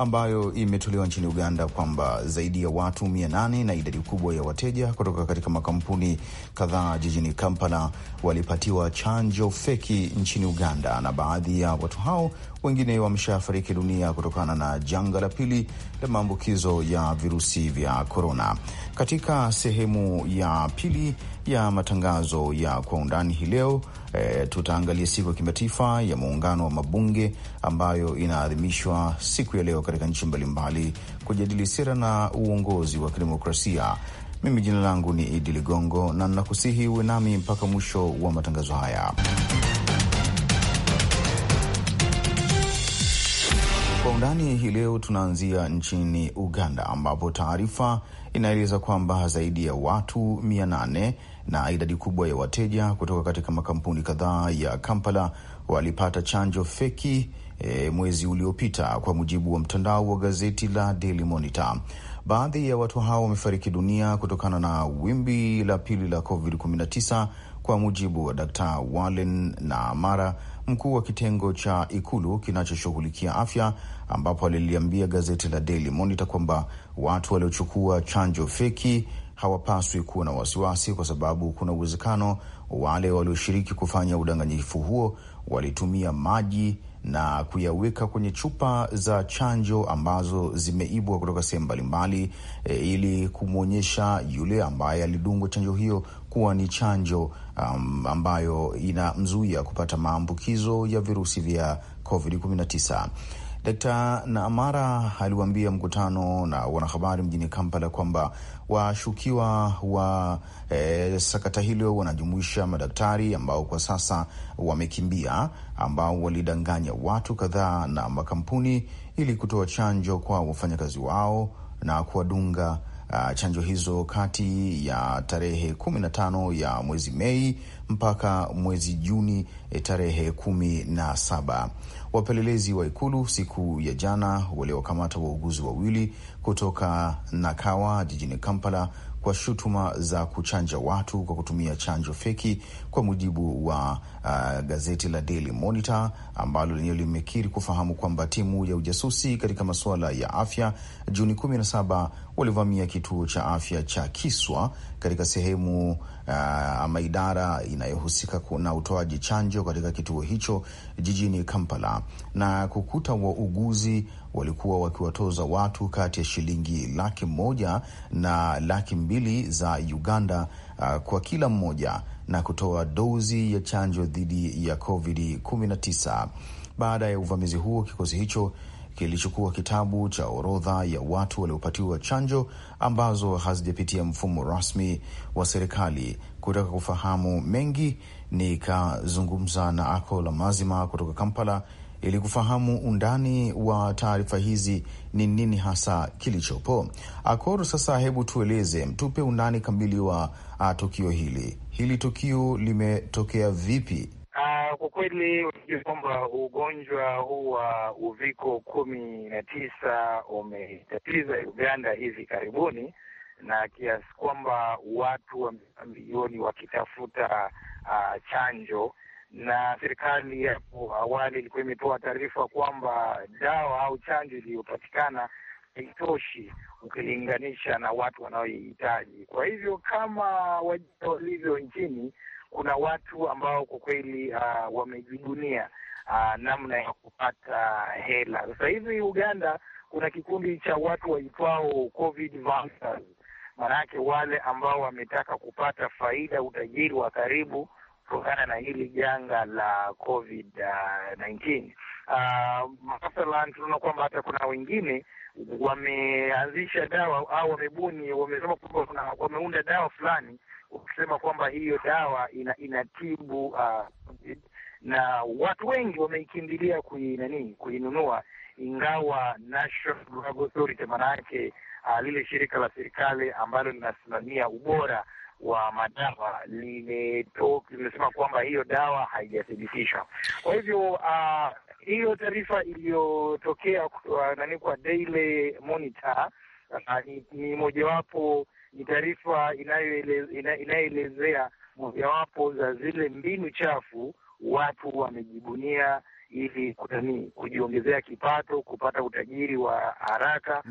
ambayo imetolewa nchini Uganda kwamba zaidi ya watu mia nane na idadi kubwa ya wateja kutoka katika makampuni kadhaa jijini Kampala walipatiwa chanjo feki nchini Uganda, na baadhi ya watu hao wengine wameshafariki dunia kutokana na janga la pili la maambukizo ya virusi vya korona. Katika sehemu ya pili ya matangazo ya kwa undani hii leo E, tutaangalia siku ya kimataifa ya muungano wa mabunge ambayo inaadhimishwa siku ya leo katika nchi mbalimbali kujadili sera na uongozi wa kidemokrasia. Mimi jina langu ni Idi Ligongo na ninakusihi uwe nami mpaka mwisho wa matangazo haya. Kwa undani hii leo tunaanzia nchini Uganda ambapo taarifa inaeleza kwamba zaidi ya watu mia nane na idadi kubwa ya wateja kutoka katika makampuni kadhaa ya Kampala walipata chanjo feki e, mwezi uliopita kwa mujibu wa mtandao wa gazeti la Daily Monitor. Baadhi ya watu hao wamefariki dunia kutokana na wimbi la pili la COVID-19 kwa mujibu wa Dkt. Walen na Mara mkuu wa kitengo cha ikulu kinachoshughulikia afya, ambapo aliliambia gazeti la Daily Monitor kwamba watu waliochukua chanjo feki hawapaswi kuwa na wasiwasi, kwa sababu kuna uwezekano wale walioshiriki kufanya udanganyifu huo walitumia maji na kuyaweka kwenye chupa za chanjo ambazo zimeibwa kutoka sehemu mbalimbali, e, ili kumwonyesha yule ambaye alidungwa chanjo hiyo kuwa ni chanjo um, ambayo inamzuia kupata maambukizo ya virusi vya COVID-19. Dkt Naamara aliwaambia mkutano na wanahabari mjini Kampala kwamba washukiwa wa e, sakata hilo wanajumuisha madaktari ambao kwa sasa wamekimbia, ambao walidanganya watu kadhaa na makampuni ili kutoa chanjo kwa wafanyakazi wao na kuwadunga uh, chanjo hizo kati ya tarehe kumi na tano ya mwezi Mei mpaka mwezi Juni e, tarehe kumi na saba. Wapelelezi wa Ikulu siku ya jana waliokamata wauguzi wawili kutoka Nakawa jijini Kampala kwa shutuma za kuchanja watu kwa kutumia chanjo feki, kwa mujibu wa uh, gazeti la Daily Monitor ambalo lenyewe limekiri kufahamu kwamba timu ya ujasusi katika masuala ya afya Juni 17 walivamia kituo cha afya cha Kiswa katika sehemu uh, ama idara inayohusika na utoaji chanjo katika kituo hicho jijini Kampala na kukuta wauguzi walikuwa wakiwatoza watu kati ya shilingi laki moja na laki mbili za Uganda uh, kwa kila mmoja na kutoa dozi ya chanjo dhidi ya COVID-19. Baada ya uvamizi huo, kikosi hicho kilichukua kitabu cha orodha ya watu waliopatiwa chanjo ambazo hazijapitia mfumo rasmi wa serikali. Kutaka kufahamu mengi, nikazungumza na la Mazima kutoka Kampala ili kufahamu undani wa taarifa hizi ni nini hasa kilichopo. Akor, sasa hebu tueleze, tupe undani kamili wa a, ah, tukio hili. Hili tukio limetokea vipi? Ah, kwa kweli unajua kwamba ugonjwa huu wa uviko kumi na tisa umetatiza Uganda hivi karibuni, na kiasi kwamba watu wa milioni wakitafuta uh, chanjo na serikali hapo awali ilikuwa imetoa taarifa kwamba dawa au chanjo iliyopatikana haitoshi ukilinganisha na watu wanaoihitaji. Kwa hivyo kama walivyo nchini kuna watu ambao kwa kweli uh, wamejigunia uh, namna ya kupata hela. Sasa hivi Uganda kuna kikundi cha watu waitwao covid maanake wale ambao wametaka kupata faida, utajiri wa karibu kutokana na hili janga la covid uh, 19. Uh, mathalan tunaona kwamba hata kuna wengine wameanzisha dawa au wamebuni, wamesema kwamba wameunda dawa fulani, wakisema kwamba hiyo dawa ina, inatibu uh, na watu wengi wameikimbilia kuinani kuinunua, ingawa National Drug Authority uh, lile shirika la serikali ambalo linasimamia ubora wa madawa limesema kwamba hiyo dawa haijathibitishwa. Kwa hivyo uh, hiyo taarifa iliyotokea nani kwa Daily Monitor ni, ni mojawapo ni taarifa inayoelezea mojawapo za zile mbinu chafu watu wamejibunia ili kutani, kujiongezea kipato, kupata utajiri wa haraka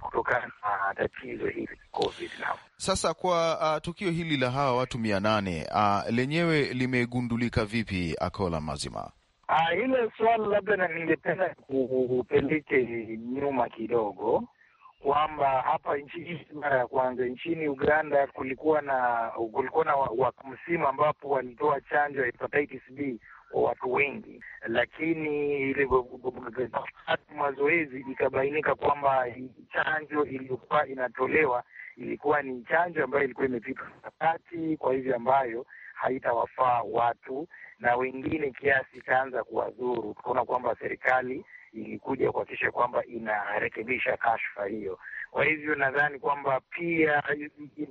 kutokana na tatizo hili COVID. Sasa kwa uh, tukio hili la hawa watu mia nane uh, lenyewe limegundulika vipi, Akola Mazima? Ah, hilo swali labda na ningependa kupeleke nyuma kidogo kwamba hapa nchini mara ya kwanza nchini Uganda kulikuwa na kulikuwa na msimu ambapo walitoa chanjo ya hepatitis B kwa watu wengi, lakini ile mazoezi ikabainika kwamba chanjo iliyokuwa inatolewa ilikuwa ni chanjo ambayo ilikuwa imepita wakati, kwa hivyo ambayo haitawafaa watu na wengine kiasi ikaanza kuwadhuru. Tukaona kwamba serikali ilikuja kuhakikisha kwamba inarekebisha kashfa hiyo. Kwa hivyo nadhani kwamba pia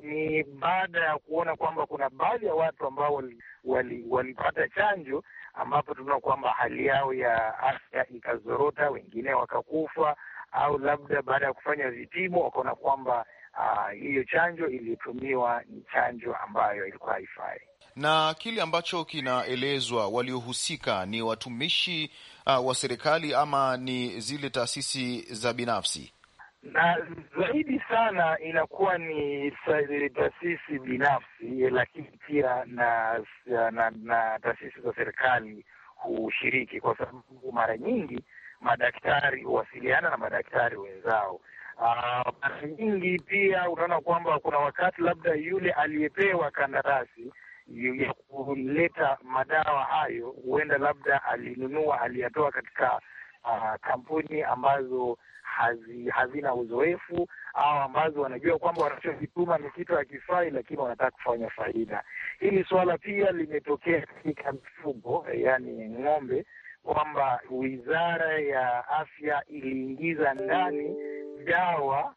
ni baada ya kuona kwamba kuna baadhi ya watu ambao walipata wali, wali chanjo ambapo tunaona kwamba hali yao ya afya ikazorota, wengine wakakufa, au labda baada ya kufanya vipimo wakaona kwamba ah, hiyo uh, chanjo iliyotumiwa ni chanjo ambayo ilikuwa haifai na kile ambacho kinaelezwa waliohusika ni watumishi uh, wa serikali ama ni zile taasisi za binafsi, na zaidi sana inakuwa ni taasisi binafsi, lakini pia na, na, na taasisi za serikali hushiriki, kwa sababu mara nyingi madaktari huwasiliana na madaktari wenzao. Uh, mara nyingi pia unaona kwamba kuna wakati labda yule aliyepewa kandarasi ya kuleta madawa hayo, huenda labda alinunua, aliyatoa katika uh, kampuni ambazo hazi, hazina uzoefu au ambazo wanajua kwamba wanachokituma ni kitu hakifai, lakini wanataka kufanya faida. Hili suala pia limetokea katika mifugo, yaani ng'ombe, kwamba wizara ya afya iliingiza ndani dawa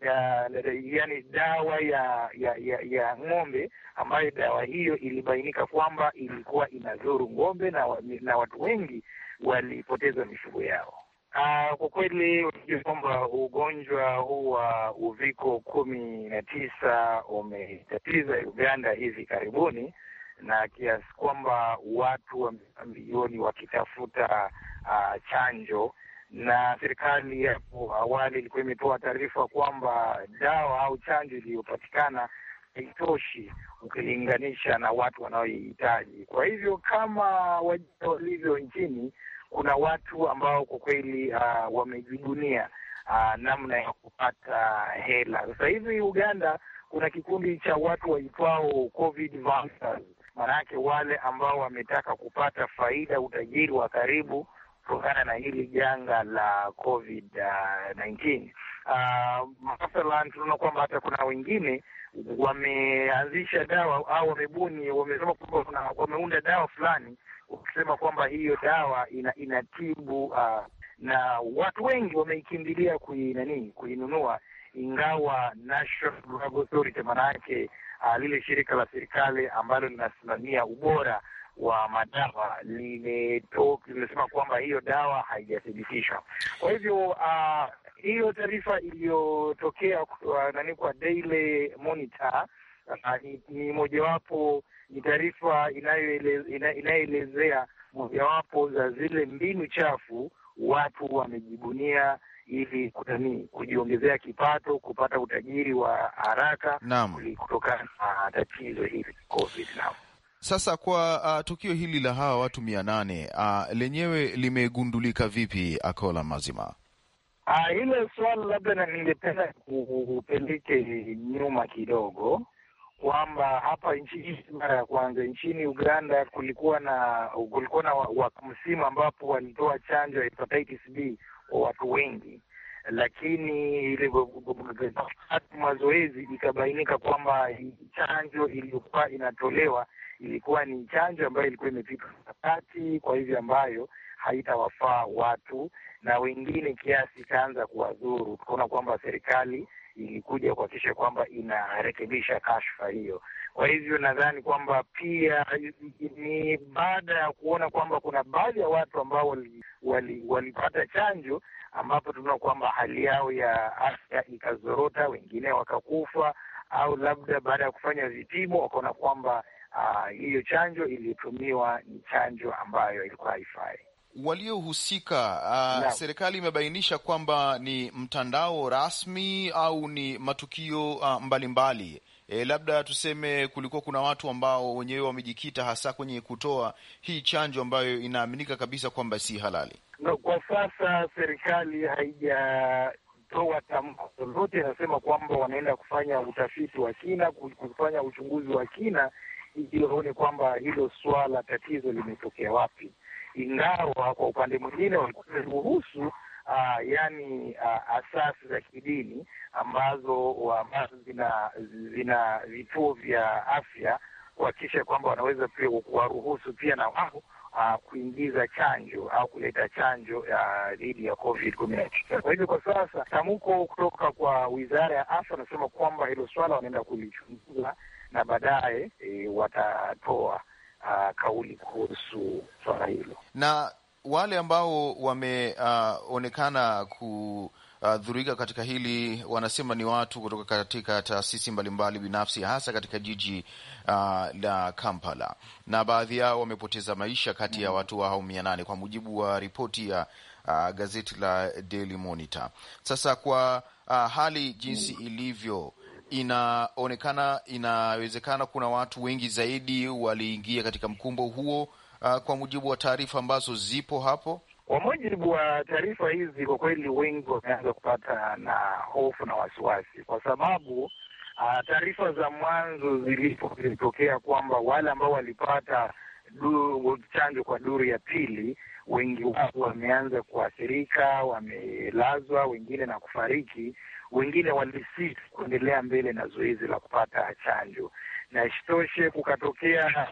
ya, yani dawa ya ya ya, ya ng'ombe ambayo dawa hiyo ilibainika kwamba ilikuwa inadhuru ng'ombe na, na watu wengi walipoteza mifugo yao. Uh, kwa kweli unajua kwamba ugonjwa huu wa uviko kumi na tisa umetatiza Uganda hivi karibuni, na kiasi kwamba watu wa milioni wakitafuta uh, chanjo na serikali hapo awali ilikuwa imetoa taarifa kwamba dawa au chanjo iliyopatikana haitoshi ukilinganisha na watu wanaohitaji Kwa hivyo kama wajia walivyo nchini, kuna watu ambao kwa kweli uh, ah, wamejigunia uh, ah, namna ya kupata hela. Sasa hivi Uganda kuna kikundi cha watu waitwao COVID maanake wale ambao wametaka kupata faida, utajiri wa karibu kutokana na hili janga la Covid 19. Uh, ah, tunaona kwamba hata kuna wengine wameanzisha dawa au wamebuni, wamesema kwamba wameunda dawa fulani wakisema kwamba hiyo dawa ina, inatibu uh, na watu wengi wameikimbilia kui nani kuinunua, ingawa National Drug Authority maana yake uh, lile shirika la serikali ambalo linasimamia ubora wa madawa limesema kwamba hiyo dawa haijathibitishwa. Kwa hivyo uh, hiyo taarifa iliyotokea nani kwa Daily Monitor uh, ni, ni mojawapo ni taarifa inayoelezea mojawapo za zile mbinu chafu watu wamejibunia ili kutani kujiongezea kipato, kupata utajiri wa haraka kutokana na tatizo hili COVID. Naam. Sasa kwa uh, tukio hili la hawa watu mia nane uh, lenyewe limegundulika vipi, Akola Mazima? Uh, hilo swali labda na ningependa kupeleke nyuma kidogo kwamba hapa nchi hii mara ya kwanza nchini Uganda kulikuwa na kulikuwa na msimu ambapo walitoa chanjo ya hepatitis B kwa watu wengi, lakini mazoezi ikabainika kwamba chanjo iliyokuwa inatolewa ilikuwa ni chanjo ambayo ilikuwa imepita wakati, kwa hivyo ambayo haitawafaa watu na wengine, kiasi ikaanza kuwadhuru. Tukaona kwamba serikali ilikuja kuhakikisha kwamba inarekebisha kashfa hiyo. Kwa hivyo nadhani kwamba pia ni baada ya kuona kwamba kuna baadhi ya watu ambao walipata wali, wali chanjo ambapo tunaona kwamba hali yao ya afya ikazorota, wengine wakakufa, au labda baada ya kufanya vipimo wakaona kwamba Ah, hiyo uh, chanjo iliyotumiwa ni chanjo ambayo ilikuwa haifai. Waliohusika uh, serikali imebainisha kwamba ni mtandao rasmi au ni matukio uh, mbalimbali. E, labda tuseme kulikuwa kuna watu ambao wenyewe wamejikita hasa kwenye kutoa hii chanjo ambayo inaaminika kabisa kwamba si halali. No, kwa sasa serikali haijatoa tamko lolote, inasema kwamba wanaenda kufanya utafiti wa kina, kufanya uchunguzi wa kina ili waone kwamba hilo swala tatizo limetokea wapi, ingawa kwa upande mwingine walikuruhusu Uh, ah, yani uh, asasi za kidini ambazo ambazo zina zina vituo vya afya kuhakikisha kwamba wanaweza pia kuwaruhusu pia na wao uh, kuingiza chanjo au kuleta chanjo dhidi uh, ya Covid kumi na tisa. Kwa hivyo kwa sasa tamko kutoka kwa Wizara ya Afya wanasema kwamba hilo swala wanaenda kulichunguza na baadaye e, watatoa a, kauli kuhusu swala hilo na wale ambao wameonekana uh, kudhurika uh, katika hili wanasema ni watu kutoka katika taasisi mbalimbali binafsi, hasa katika jiji uh, la Kampala, na baadhi yao wamepoteza maisha kati ya watu hao mia nane kwa mujibu wa ripoti ya uh, gazeti la Daily Monitor. Sasa kwa uh, hali jinsi mm. ilivyo inaonekana inawezekana kuna watu wengi zaidi waliingia katika mkumbo huo, uh, kwa mujibu wa taarifa ambazo zipo hapo. Kwa mujibu wa taarifa hizi, kwa kweli wengi wameanza kupata na hofu na wasiwasi, kwa sababu uh, taarifa za mwanzo zilipo zilitokea kwamba wale ambao walipata chanjo kwa duru ya pili wengi wao wameanza kuathirika, wamelazwa wengine na kufariki, wengine walisisi kuendelea mbele na zoezi la kupata chanjo na isitoshe kukatokea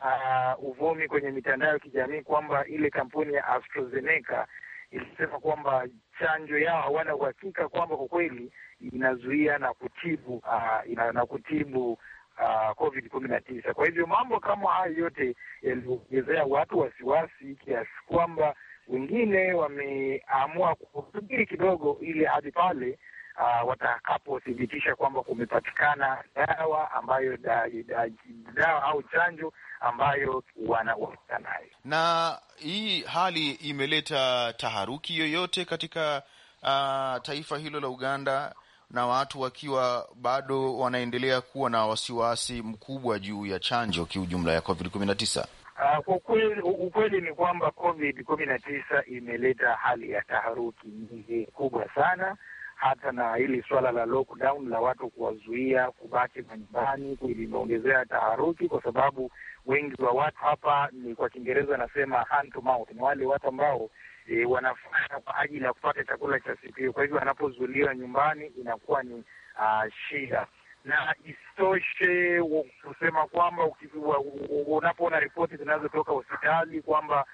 uh, uvumi kwenye mitandao ya kijamii kwamba ile kampuni ya AstraZeneca ilisema kwamba chanjo yao hawana uhakika kwamba kwa kweli inazuia na kutibu uh, ina, na kutibu uh, COVID kumi na tisa. Kwa hivyo mambo kama hayo yote yaliongezea watu wasiwasi kiasi kwamba wengine wameamua kusubiri kidogo, ili hadi pale uh, watakapothibitisha kwamba kumepatikana dawa ambayo da, da, dawa au chanjo ambayo wanaweka nayo. Na hii hali imeleta taharuki yoyote katika uh, taifa hilo la Uganda, na watu wakiwa bado wanaendelea kuwa na wasiwasi mkubwa juu ya chanjo kiujumla ya COVID ah, kumi na tisa. Uh, ukweli, ukweli ni kwamba COVID kumi na tisa imeleta hali ya taharuki nyingi kubwa sana hata na hili swala la lockdown la watu kuwazuia kubaki manyumbani limeongezea taharuki, kwa sababu wengi wa watu hapa ni kwa Kiingereza wanasema hand to mouth, ni wale watu ambao e, wanafanya kwa ajili ya kupata chakula cha siku hiyo. Kwa hivyo wanapozuiliwa nyumbani inakuwa ni uh, shida na isitoshe kusema kwamba unapoona ripoti zinazotoka hospitali kwamba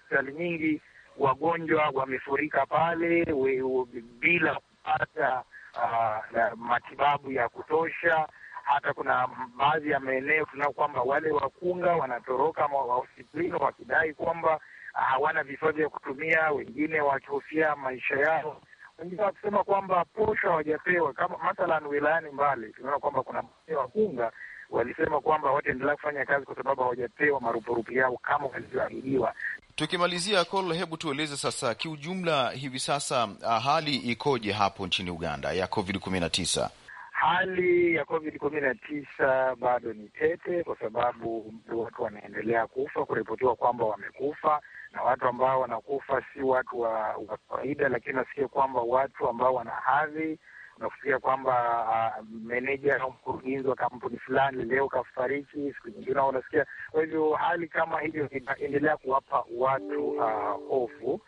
hospitali nyingi wagonjwa wamefurika pale we, we, bila kupata uh, matibabu ya kutosha. Hata kuna baadhi ya maeneo tunao kwamba wale wakunga wanatoroka mahospitalini wakidai kwamba hawana uh, vifaa vya kutumia, wengine wakihofia maisha yao, wengine wakisema kwamba posho hawajapewa. Kama mathalan wilayani Mbale tunaona kwamba kuna wakunga walisema kwamba wataendelea kufanya kazi kwa sababu hawajapewa marupurupu yao kama walivyoahidiwa. Tukimalizia Kol, hebu tueleze sasa kiujumla, hivi sasa ah, hali ikoje hapo nchini Uganda ya Covid kumi na tisa? Hali ya Covid kumi na tisa bado ni tete, kwa sababu watu wanaendelea kufa, kuripotiwa kwamba wamekufa, na watu ambao wanakufa si watu wa kawaida, lakini nasikia kwamba watu ambao wana hadhi unafikiria kwamba uh, meneja au mkurugenzi wa kampuni fulani leo kafariki, siku nyingine unasikia. Kwa hivyo hali kama hiyo inaendelea kuwapa watu ah, hofu uh,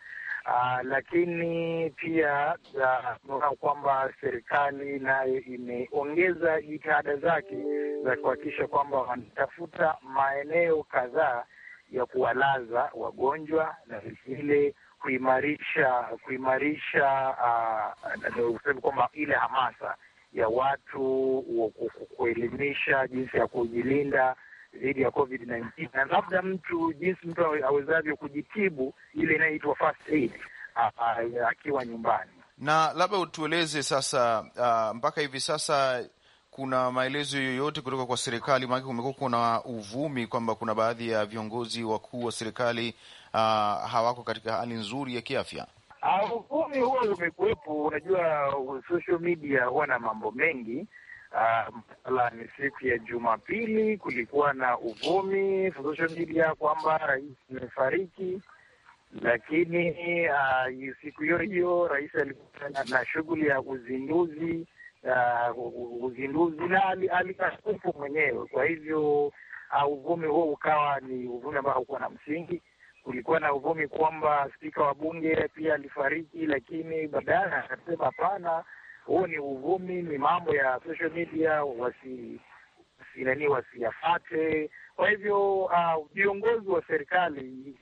Uh, lakini pia tunaona uh, kwamba serikali nayo imeongeza jitihada zake za kuhakikisha kwamba wanatafuta maeneo kadhaa ya kuwalaza wagonjwa na vilevile kuimarisha kuimarisha kusema ah, kwamba ile hamasa ya watu kuelimisha jinsi ya kujilinda dhidi ya Covid 19 na labda mtu jinsi mtu awezavyo kujitibu ile inayoitwa first aid ah, ah, akiwa nyumbani. Na labda utueleze sasa, uh, mpaka hivi sasa kuna maelezo yoyote kutoka kwa serikali? Maanake kumekuwa kuna uvumi kwamba kuna baadhi ya viongozi wakuu wa serikali uh, hawako katika hali nzuri ya kiafya. Ah, uvumi huo umekuwepo. Unajua, social media huwa na mambo mengi. Msala ah, uh, ni siku ya Jumapili kulikuwa na uvumi social media kwamba rais amefariki, lakini uh, siku hiyo hiyo rais alikuwa na shughuli ya uzinduzi Uh, uzinduzi na alikashufu mwenyewe. Kwa hivyo uh, uvumi huo ukawa ni uvumi ambao haukuwa na msingi. Kulikuwa na uvumi kwamba spika wa bunge pia alifariki, lakini baadaye akasema hapana, huo ni uvumi, ni mambo ya social media, wasi nani wasiyafate. Kwa hivyo uh, viongozi uh, wa serikali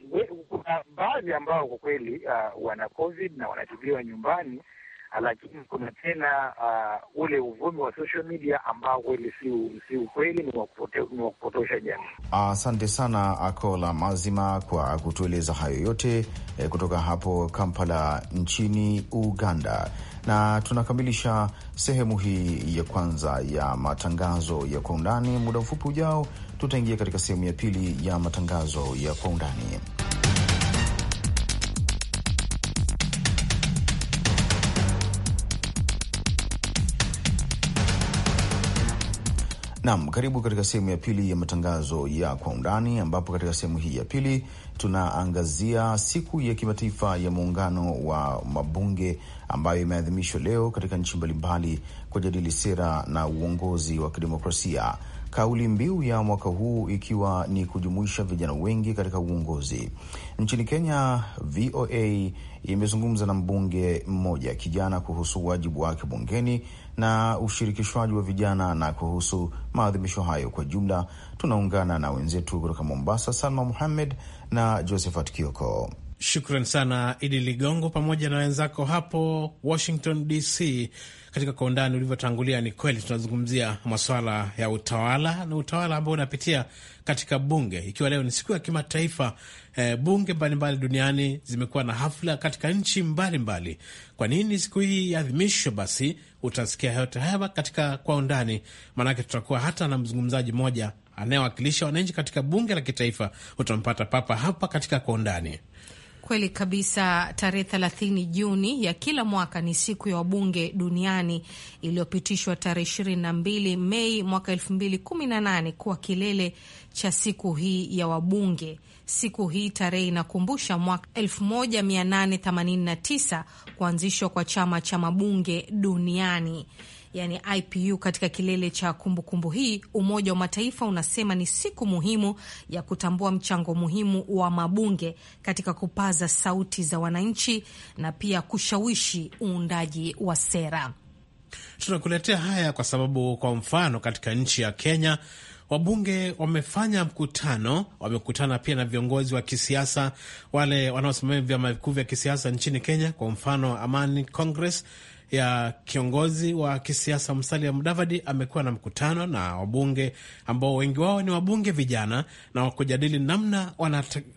kuna baadhi ambao kwa kweli uh, wana covid na wanatibiwa nyumbani Ah, lakini kuna tena uh, ule uvumi wa social media ambao kweli si ukweli, ni wa kupotosha jamii. Asante sana Akola Mazima kwa kutueleza hayo yote eh, kutoka hapo Kampala nchini Uganda. Na tunakamilisha sehemu hii ya kwanza ya matangazo ya kwa undani. Muda mfupi ujao, tutaingia katika sehemu ya pili ya matangazo ya kwa undani. Nam, karibu katika sehemu ya pili ya matangazo ya kwa undani, ambapo katika sehemu hii ya pili tunaangazia siku ya kimataifa ya muungano wa mabunge ambayo imeadhimishwa leo katika nchi mbalimbali kujadili sera na uongozi wa kidemokrasia, kauli mbiu ya mwaka huu ikiwa ni kujumuisha vijana wengi katika uongozi. Nchini Kenya, VOA imezungumza na mbunge mmoja kijana kuhusu wajibu wake bungeni na ushirikishwaji wa vijana na kuhusu maadhimisho hayo kwa jumla. Tunaungana na wenzetu kutoka Mombasa, Salma Muhammed na Josephat Kioko. Shukran sana Idi Ligongo pamoja na wenzako hapo Washington DC. Katika kwa undani ulivyotangulia, ni kweli tunazungumzia masuala ya utawala na utawala ambao unapitia katika bunge, ikiwa leo ni siku ya kimataifa eh, bunge mbalimbali duniani zimekuwa na hafla katika nchi mbalimbali. Kwa nini siku hii iadhimishwe? Basi utasikia yote haya katika kwa undani, maanake tutakuwa hata na mzungumzaji mmoja anayewakilisha wananchi katika bunge la kitaifa, utampata papa hapa katika kwa undani. Kweli kabisa. Tarehe thelathini Juni ya kila mwaka ni siku ya wabunge duniani iliyopitishwa tarehe 22 Mei mwaka nane kuwa kilele cha siku hii ya wabunge. Siku hii tarehe inakumbusha mwaka 1889 kuanzishwa kwa chama cha mabunge duniani yani IPU katika kilele cha kumbukumbu kumbu hii, Umoja wa Mataifa unasema ni siku muhimu ya kutambua mchango muhimu wa mabunge katika kupaza sauti za wananchi na pia kushawishi uundaji wa sera. Tunakuletea haya kwa sababu, kwa mfano, katika nchi ya Kenya wabunge wamefanya mkutano, wamekutana pia na viongozi wa kisiasa wale wanaosimamia vyama vikuu vya kisiasa nchini Kenya, kwa mfano Amani Congress ya kiongozi wa kisiasa Musalia Mudavadi amekuwa na mkutano na wabunge ambao wengi wao ni wabunge vijana na wakujadili namna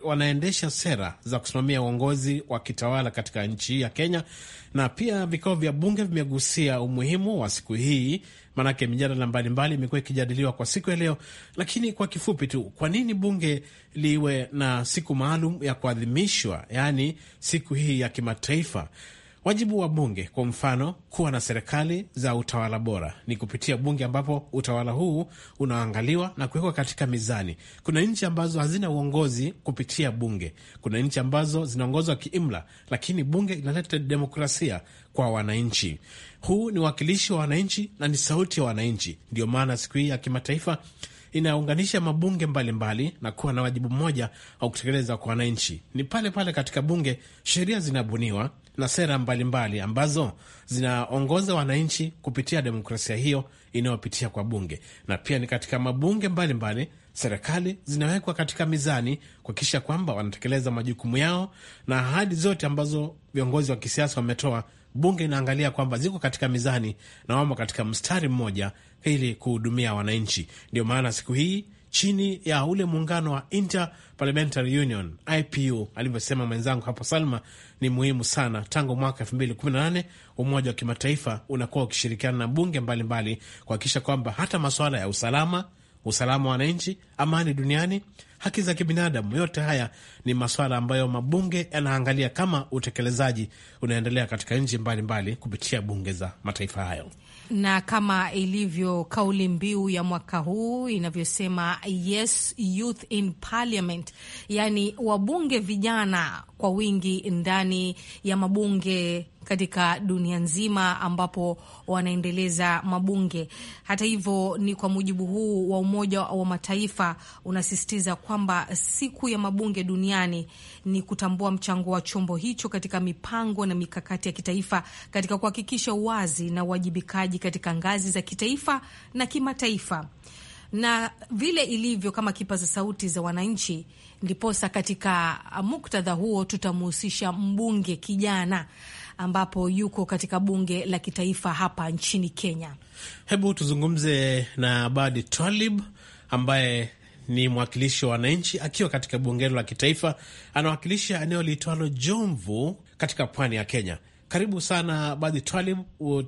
wanaendesha sera za kusimamia uongozi wa kitawala katika nchi ya Kenya. Na pia vikao vya bunge vimegusia umuhimu wa siku hii, maanake mijadala mbalimbali imekuwa ikijadiliwa kwa siku ya leo. Lakini kwa kifupi tu, kwa nini bunge liwe na siku maalum ya kuadhimishwa, yaani siku hii ya kimataifa Wajibu wa bunge kwa mfano, kuwa na serikali za utawala bora ni kupitia bunge, ambapo utawala huu unaangaliwa na kuwekwa katika mizani. Kuna nchi ambazo hazina uongozi kupitia bunge, kuna nchi ambazo zinaongozwa kiimla, lakini bunge inaleta demokrasia kwa wananchi. Huu ni uwakilishi wa wananchi na ni sauti ya wananchi. Ndio maana siku hii ya kimataifa inaunganisha mabunge mbalimbali mbali, na kuwa na wajibu mmoja wa kutekeleza kwa wananchi. Ni pale pale katika bunge sheria zinabuniwa na sera mbalimbali mbali ambazo zinaongoza wananchi kupitia demokrasia hiyo inayopitia kwa bunge, na pia ni katika mabunge mbalimbali mbali, serikali zinawekwa katika mizani kuhakikisha kwamba wanatekeleza majukumu yao na ahadi zote ambazo viongozi wa kisiasa wametoa. Bunge inaangalia kwamba ziko katika mizani na wamo katika mstari mmoja ili kuhudumia wananchi. Ndio maana siku hii chini ya ule muungano wa Inter Parliamentary Union IPU, alivyosema mwenzangu hapo Salma, ni muhimu sana. Tangu mwaka 2018 Umoja wa Kimataifa unakuwa ukishirikiana na bunge mbalimbali kuhakikisha kwamba hata masuala ya usalama, usalama wa wananchi, amani duniani, haki za kibinadamu, yote haya ni masuala ambayo mabunge yanaangalia kama utekelezaji unaendelea katika nchi mbalimbali kupitia bunge za mataifa hayo na kama ilivyo kauli mbiu ya mwaka huu inavyosema, yes youth in parliament, yani wabunge vijana kwa wingi ndani ya mabunge katika dunia nzima ambapo wanaendeleza mabunge. Hata hivyo, ni kwa mujibu huu wa Umoja wa Mataifa unasisitiza kwamba siku ya mabunge duniani ni kutambua mchango wa chombo hicho katika mipango na mikakati ya kitaifa katika kuhakikisha uwazi na uwajibikaji katika ngazi za kitaifa na kimataifa na vile ilivyo kama kipaza sauti za wananchi. Ndiposa katika muktadha huo tutamuhusisha mbunge kijana ambapo yuko katika bunge la kitaifa hapa nchini Kenya. Hebu tuzungumze na Badi Twalib ambaye ni mwakilishi wa wananchi akiwa katika bunge la kitaifa, anawakilisha eneo liitwalo Jomvu katika pwani ya Kenya. Karibu sana Badi Twalib,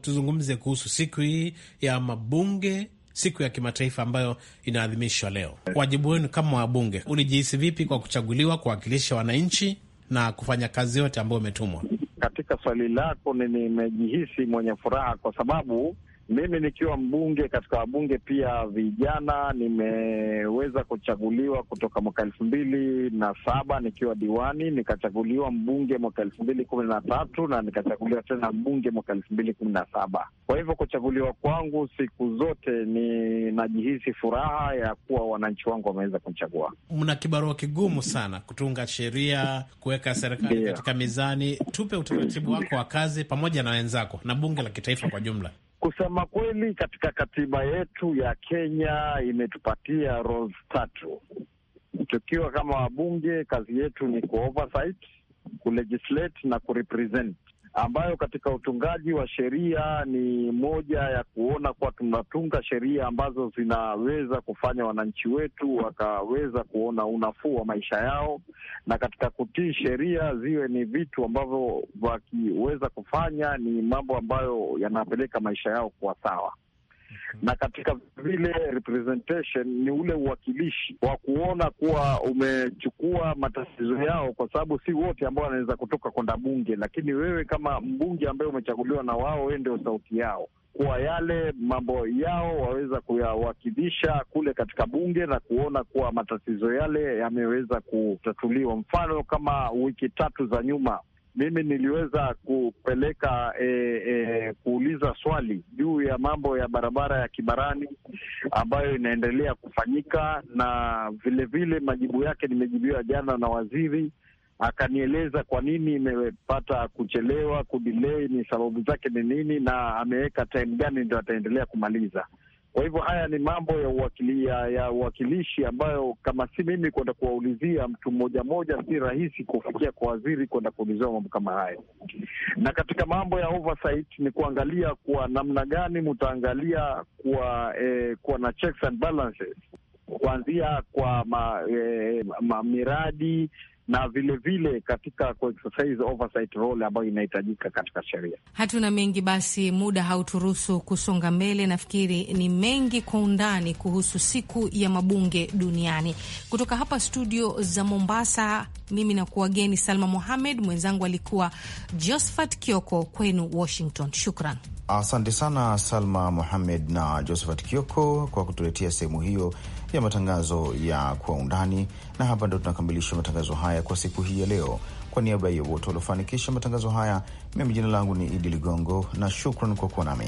tuzungumze kuhusu siku hii ya mabunge siku ya kimataifa ambayo inaadhimishwa leo. Wajibu wenu kama wabunge, ulijihisi vipi kwa kuchaguliwa kuwakilisha wananchi na kufanya kazi yote ambayo umetumwa? Katika swali lako, nimejihisi mwenye furaha kwa sababu mimi nikiwa mbunge katika wabunge pia vijana, nimeweza kuchaguliwa kutoka mwaka elfu mbili na saba nikiwa diwani, nikachaguliwa mbunge mwaka elfu mbili kumi na tatu na nikachaguliwa tena mbunge mwaka elfu mbili kumi na saba. Kwa hivyo kuchaguliwa kwangu siku zote ninajihisi furaha ya kuwa wananchi wangu wameweza kunichagua. Mna kibarua kigumu sana kutunga sheria, kuweka serikali katika mizani. Tupe utaratibu wako wa kazi pamoja na wenzako na bunge la kitaifa kwa jumla. Kusema kweli, katika katiba yetu ya Kenya imetupatia roles tatu. Tukiwa kama wabunge, kazi yetu ni ku-oversight, kulegislate na kurepresent ambayo katika utungaji wa sheria ni moja ya kuona kuwa tunatunga sheria ambazo zinaweza kufanya wananchi wetu wakaweza kuona unafuu wa maisha yao, na katika kutii sheria ziwe ni vitu ambavyo wakiweza kufanya ni mambo ambayo yanapeleka maisha yao kuwa sawa na katika vile representation ni ule uwakilishi wa kuona kuwa umechukua matatizo yao, kwa sababu si wote ambao wanaweza kutoka kwenda bunge, lakini wewe kama mbunge ambaye umechaguliwa na wao, wewe ndio sauti yao kuwa yale mambo yao waweza kuyawakilisha kule katika bunge na kuona kuwa matatizo yale yameweza kutatuliwa. Mfano, kama wiki tatu za nyuma mimi niliweza kupeleka e, e, kuuliza swali juu ya mambo ya barabara ya Kibarani ambayo inaendelea kufanyika, na vilevile vile majibu yake nimejibiwa jana na waziri akanieleza kwa nini imepata kuchelewa, kudilei, ni sababu zake ni nini, na ameweka time gani ndio ataendelea kumaliza. Kwa hivyo haya ni mambo ya uwakilia, ya uwakilishi ambayo kama si mimi kwenda kuwaulizia mtu mmoja mmoja, si rahisi kufikia kwa waziri kwenda kuulizia mambo kama haya. Na katika mambo ya oversight ni kuangalia kwa namna gani mtaangalia kuwa, eh, kuwa na checks and balances kuanzia kwa ma, eh, ma miradi na vilevile vile katika kuexercise oversight role ambayo inahitajika katika sheria. Hatuna mengi, basi muda hauturuhusu kusonga mbele. Nafikiri ni mengi kwa undani kuhusu siku ya mabunge duniani. Kutoka hapa studio za Mombasa, mimi na kuwageni Salma Mohamed, mwenzangu alikuwa Josephat Kioko kwenu Washington. Shukran. Asante sana Salma Muhamed na Josephat Kioko kwa kutuletea sehemu hiyo ya matangazo ya kwa undani, na hapa ndo tunakamilisha matangazo haya kwa siku hii ya leo. Kwa niaba ya wote waliofanikisha matangazo haya, mimi jina langu ni Idi Ligongo na shukran kwa kuwa nami.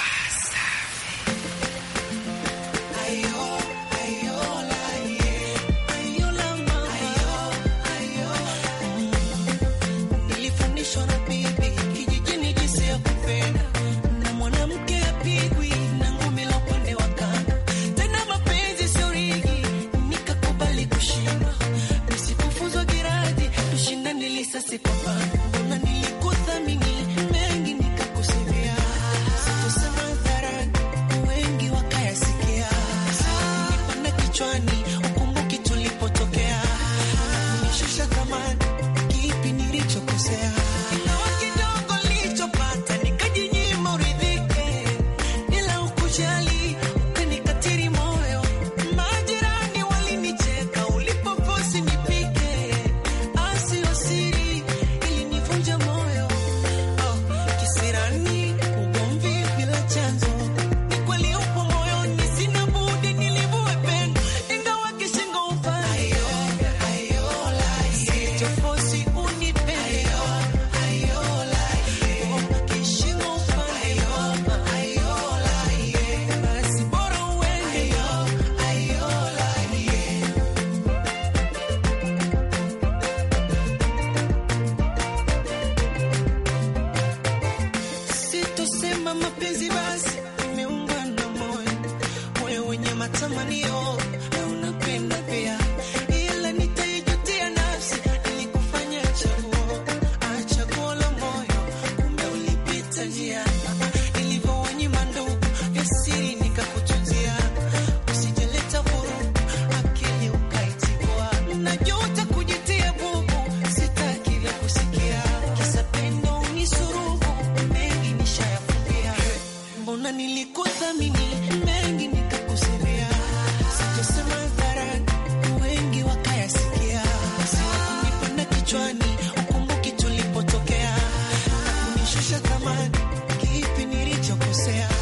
yourself.